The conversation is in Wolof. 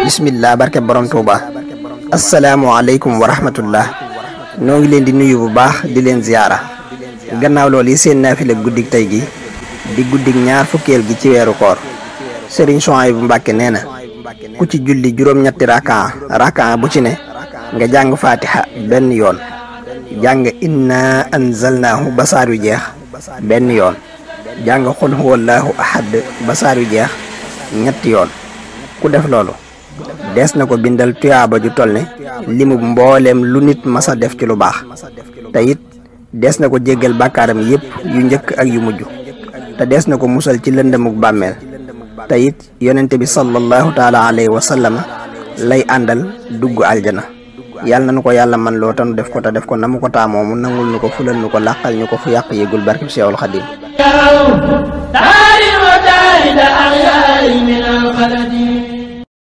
bismillah barke borom Touba asalaamualeykum wa rahmatullah noo ngi leen di nuyu bu baax di leen ziyaara gannaaw lool yi seen naafila guddik tey gi di guddik ñaar fukkeel gi ci weeru koor Serigne Souhaïbou Mbacké nee na ku ci julli juróom-ñetti rakan rakan bu ci ne nga jàng fatiha benn yoon jàng inna anzalnaahu basaar yu jeex benn yoon jàng xul huwallaahu ahad basaar yu jeex ñetti yoon ku def loolu des na ko bindal tuyaaba ju toll ne limu mbooleem lu nit masa def ci lu baax te it des na ko jéggal bàkkaaram yépp yu njëkk ak yu mujj te des na ko musal ci lëndamuk bàmmeel te it yonente bi sallallahu taala alayhi wa sallama lay àndal dugg aljana yàlla na nu ko yàlla man loo tanu def ko te def ko namu ko taamoo mu nangul nu ko fulal nu ko làqal ñu ko fu yàq yégul barkib Seexul Xadiim